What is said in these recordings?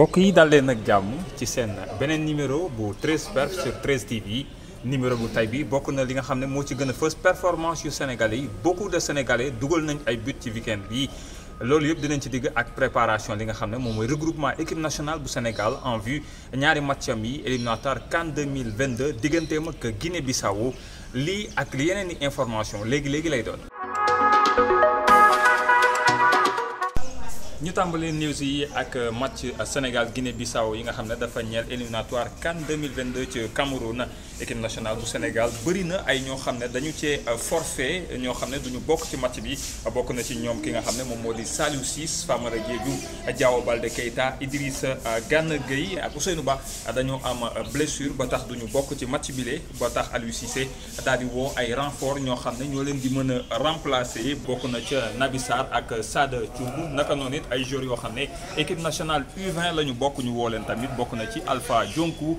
mbokk yi dal leen ak ci sen benen numéro bu 13 perf sur 13 TV numéro bu tay bi bokk na li nga xamné mo ci gëna first performance yu sénégalais yi beaucoup de sénégalais dugal nañ ay but ci weekend bi loolu yëpp dinañ ci digg ak préparation li nga xamné mom moy regroupement équipe nationale bu Sénégal en vue ñaari matcham yi éliminatoire CAN 2022 digganteem ak Guinée Bissau li ak yeneen information légui légui lay doon. ñu tàmbalee news yi ak match Sénégal Guinée Bissau yi nga xam ne dafa ñeel éliminatoire CAN 2022 ci Cameroun. équipe nationale du Sénégal bari na ay dañu euh, forfait ño xamné duñu bok ci match bi bok na ci ñom ki nga xamné mom euh, am euh, blessure ba tax duñu bok ci match bile ba tax Aliou Cissé daal di wo ay renfort ño xamné ño leen di remplacer Nous na équipe nationale U20 Alpha Jonku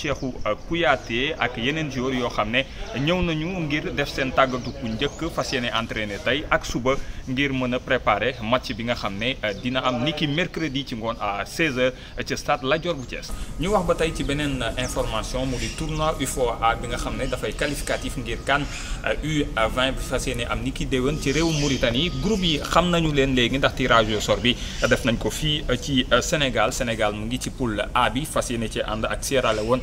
Cheikhou euh, Kouyaté ak yenen joueurs yo xamné ñew nañu ngir def sen tagatu ku ñëk fas entraîner tay ak suba ngir mëna préparer match bi nga xamné euh, dina am niki mercredi ci ngone à 16h ci stade la jor bu ties ñu wax ba tay ci benen information mu di tournoi UFO a bi nga xamné da fay qualificatif ngir kan U20 euh, bi fas am niki déwon ci réew Mauritanie groupe yi xam nañu leen léegi ndax tirage au sort bi def nañ ko fi ci Sénégal Sénégal mu ngi ci poule A bi fas ci and ak Sierra Leone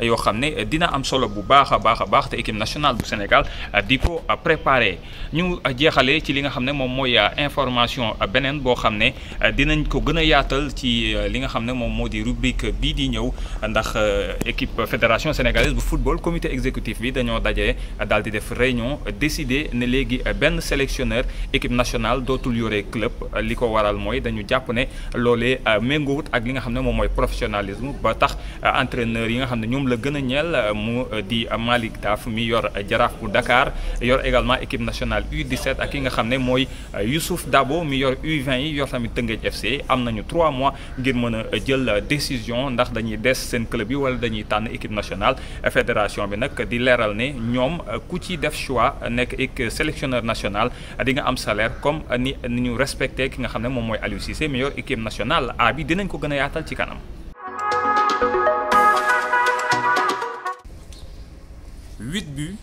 yoo xamné dina am solo bu baax a baax a te équipe nationale du Sénégal euh, di ko euh, préparé ñu euh, jéxalé ci li nga xamné mom moy information benen bo xamné dinañ ko gëna a yaatal ci li nga xamné mom modi rubrique bi di ñëw ndax équipe fédération sénégalaise bu football comité exécutif bi dañoo dajé dal di def réunion décider né légui benn sélectionneur équipe nationale dotul yoré club liko waral moy dañu japp né lolé mengout ak li nga xamné mom moy professionnalisme ba tax entraîneur yi nga xam ne ñoom la gën a ñeel euh, mu euh, di Malick Taf mi yor jaraaf bu Dakar yor également équipe nationale U17 ak ki nga xam ne mooy euh, Youssouf Dabo mi yor U20 yi yor tamit Tëngéej FC am nañu 3 mois ngir mën a jël décision ndax dañuy des seen club yi wala dañuy tànn équipe nationale fédération bi nag di leeral ne ñoom ku ci def choix nekk ek sélectionneur national di nga am salaire comme ni ni ñu respecté ki nga xam ne moom mooy Aliou Cissé mi yor équipe nationale A bi dinañ ko gën a yaatal ci kanam. 8 buts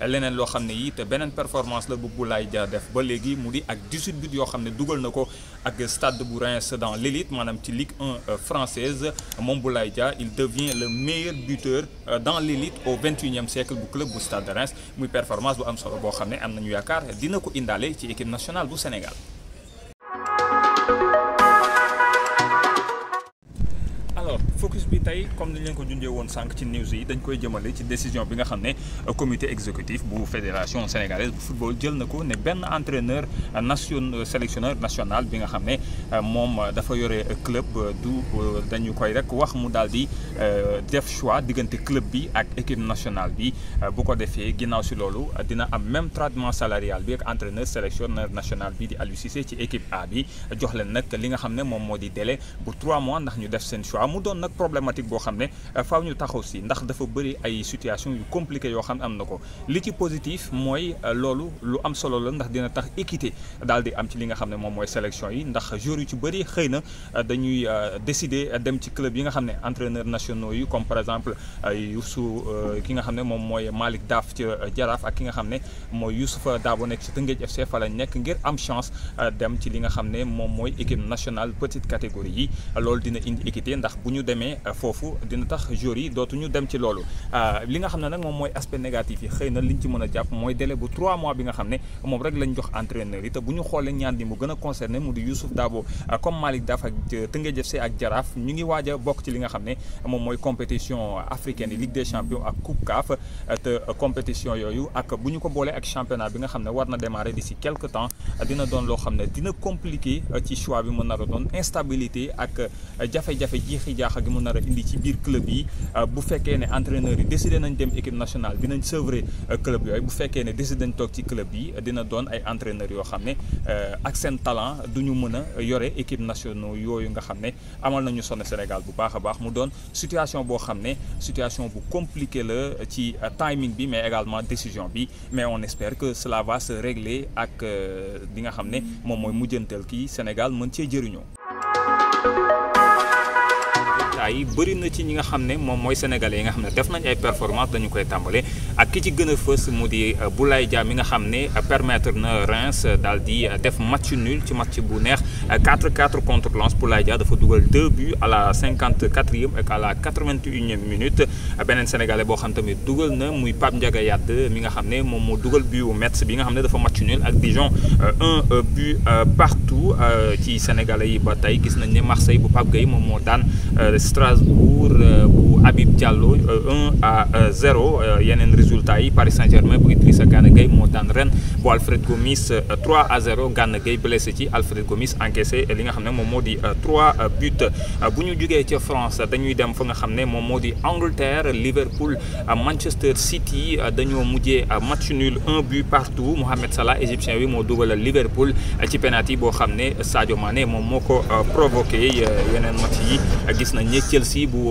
leneen loo xam ne yi te beneen performance la bu Boulaye Dia def ba léegi mu di ak 18 buts yoo xam ne dugal na ko ak stade bu Reims dans l'élite maanaam ci Ligue 1 euh, française moom Boulaye Dia il devient le meilleur buteur euh, dans l'élite au 21e siècle bu club bu stade de Reims muy performance bu am solo boo xam ne am nañu yaakaar dina ko indaale ci équipe nationale bu Sénégal bi comme niñ ñu leen ko jundé won sank ci news yi dañ koy jëmale ci décision bi nga xamné comité exécutif bu fédération sénégalaise bu football jël nako né ben entraîneur national euh, sélectionneur national bi nga xamné euh, mom euh, dafa yoré club du dañu koy rek wax mu daldi def choix diggante club bi ak équipe nationale bi bu ko défé ginnaaw ci lolu dina am même traitement salarial bi ak entraîneur sélectionneur national bi di Aliou ci équipe A bi jox leen nak li nga xamné mom modi délai bu 3 mois ndax ñu def sen choix mu don nak problème problématique boo xam ne euh, faaw ñu taxaw si ndax dafa bëri ay situation yu compliqué yoo xam ne am na ko li ci positif mooy euh, loolu lu am solo la ndax dina tax équité daal di am ci li nga xam ne moom mooy sélection yi ndax jour yu ci bëri xëy na euh, dañuy décider dem ci club yi nga xam ne nationaux yi comme par exemple Youssou ki nga xam ne moom mooy Malick Daaf ci Jaraaf ak ki nga xam ne mooy Youssoufa Dabo nekk ci Tëngéej FC fa la nekk ngir am chance dem ci li nga xam ne moom mooy équipe nationale petite catégorie yi loolu dina indi équité ndax bu ñu demee fofu dina tax jours yi dootuñu dem ci loolu ah, li nga xam ne nag moom mooy aspect négatif yi xëy na liñ ci mën a jàpp mooy délai bu 3 mois bi nga xam ne moom rek lañ jox entraîneur yi te bu ñu xoolee ñaan di mu gën a concerné mu di Youssouf Dabo ah, comme malik Daf ak euh, Teungueth FC ak Jaraaf ñu ngi waaj a bokk ci li nga xam ne moom mooy compétition africaine yi Ligue des champions ak Coupe CAF ah, te euh, compétition yooyu ak bu ñu ko boolee ak championnat bi nga xam ne war na démarrer d'ici quelque temps dina doon loo xam ne dina compliqué euh, ci choix bi mu nar a doon instabilité ak jafe-jafe jiixi jaaxa gi mu nar a indi ci biir club yi euh, bu fekkee ne entraîneur yi décidé nañ dem équipe nationale dinañ sevré euh, club yooyu bu fekkee ne décidé nañ toog ci club yi euh, dina doon ay entraîneur yoo xam ne ak seen talent duñu ñu mën a yore équipe nationale yooyu nga xam ne amal nañu sonn Sénégal bu baax a baax mu doon situation boo xam ne situation bu compliquée la ci timing bi mais également décision bi mais on espère que cela va se régler ak bi nga xam ne moom mooy mujjantal kii Sénégal mën cee jëriñoo. ay yi bëri na ci ñi nga xam ne moom mooy sénégale yi nga xam ne def nañ ay performance dañu koy tàmbale ak ki ci gëna a fës mu di euh, Boulaye Dia mi nga xamné euh, permettre na Reims euh, daal di def match nul ci match bu neex 4-4 contre Lens Boulaye Dia dafa duggal 2 buts à la 54e et à la 81e minute benen sénégalais bo xam tamit duggal na muy Pape Ndiaga Yadd mi nga xamné mom mo duggal but wu Metz bi nga xamné ne dafa match nul ak Dijon un but partout ci sénégalais yi ba tey gis nañ né Marseille bu Pape Gueye mom mo daan Strasbourg pour Abib euh, Habib Diallo 1 euh, à 0 euh, il y a un résultat yi Paris Saint-Germain pour Idrissa Gana Gueye Rennes pour Alfred Gomis 3 à 0 Ganegay blessé ci Alfred Gomis encaissé li nga xamné un modi 3 buts bu ñu jugee ca France dañuy dem fa nga xamné mom modi Angleterre Liverpool Manchester City dañoo mujjee match nul 1 but partout Mohamed Salah égyptien oui mo double Liverpool ci penalty bo xamné Sadio Mané moom moo provoquer provoqué un match yi gis na Chelsea bu.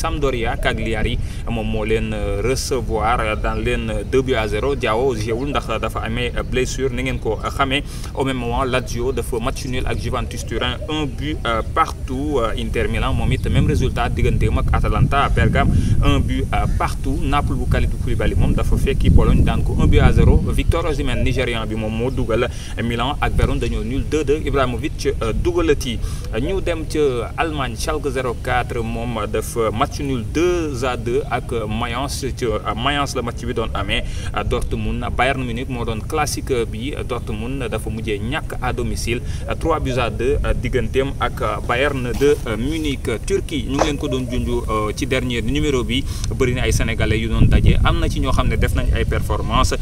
Sampdoria Cagliari mom mo len euh, recevoir dans len 2 buts à 0 Diao jéewul ndax dafa amé blessure ni ngeen ko xamé au même moment Lazio dafa match nul avec Juventus Turin un but euh, partout euh, Inter Milan moom même résultat digganteem mak Atalanta Bergam un but partout Naples bu Kalidou Koulibaly mom dafa fekki Pologne daan un 1 but à 0 Victor Osimhen Nigérian bi mom mo dougal Milan ak Verona dañoo nul 2-2 Ibrahimovic dougalati ñu dem ci Allemagne Schalke 04 mom dafa match nul 2 à 2 ak Mayence ci euh, Mayence la match bi amé à euh, Dortmund Bayern Munich mo doon classique bi euh, Dortmund dafa mujjé ñak à domicile 3 buts à 2 digganteem ak Bayern de Munich Turquie ñu ngi leen ko doon jundju ci dernier numéro bi bari na ay sénégalais yu doon daje amna ci ño xamné def nañ ay performance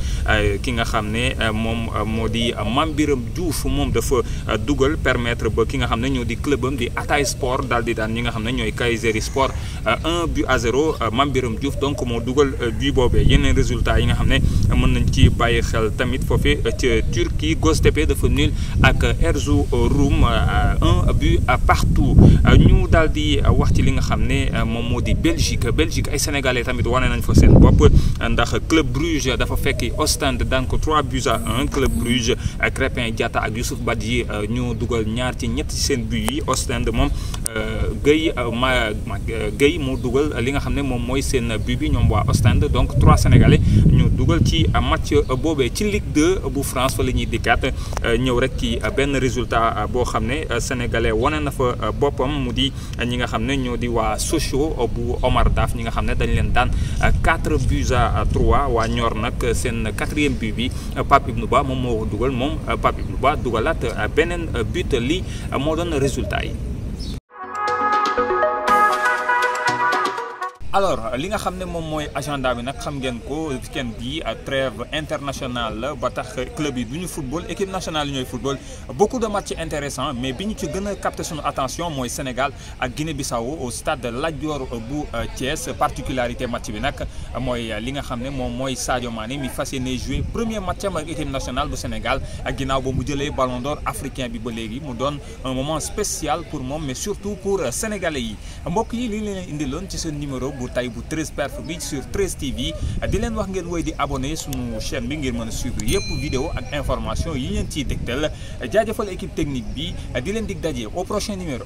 ki nga xamné mom modi mambiram di mom dafa dougal permettre ba ki nga xamné ñoo di clubam di atay Sport dal di daan ñi nga xamné ñoy ñooy Sport 1 but à 0 euh, Mame Diouf donc mon dugal euh, but bobé un résultat yi nga xamné mën nañ ci baye xel tamit fofé euh, nul bu euh, partout euh, ñu daldi di euh, wax ci li nga xamné mom modi Belgique Belgique ay sénégalais tamit wané nañ fa seen bopp ndax Club Bruges dafa fekk Ostende donc 3 buts à 1 Club Bruges Crépin diata ak Youssouf Badji ñu duggal ñaar ci ñet ci seen but yi Ostende mom Guèye ma Guèye mo duggal li nga xamné mom moy mooy seen but bi ñom wa Ostende donc 3 sénégalais ñu duggal ci match bobé ci Ligue 2 bu France fa lañuy dikat ñew rek ki benn résultat bo xamné ne sénégalais loolee wane na fa euh, bopam mu di euh, ñi nga xam ñoo di wa socio euh, bu Omar Daf ñi nga xam dañ leen daan 4 buts à 3 ñor nak sen 4e but bi Pape Ibnou Ba moom moo dougal mom moom Pape Ibnou Ba dugalaat beneen but li mo doon resultat yi. alors li nga xam mom moy agenda bi nak xam ngeen ko weekend bi euh, trêve internationale la ba tax club yi duñu football équipe nationale ñoy football beaucoup de matchs intéressants mais biñu ci gëna capter son sunu attention moy Sénégal ak Guinée-Bissau au stade de Dior bu euh, Thiès particularité match bi nak euh, moy li nga xam mom moy Sadio Mané mi fas jouer premier match am l'équipe nationale du Sénégal ak ginaaw bo mu jëlé ballon d'or africain bi ba légui mu donne un moment spécial pour mom mais surtout pour sénégalais yi mbokk yi li leen indiloon ci ce numéro bu 13 perf sur 13 TV di leen wax ngeen vous abonner sur suñu chaîne bi ngir mën suivre yëpp vidéo ak information yi leen vous dégtal jaajëfal équipe technique bi di leen dig au prochain numéro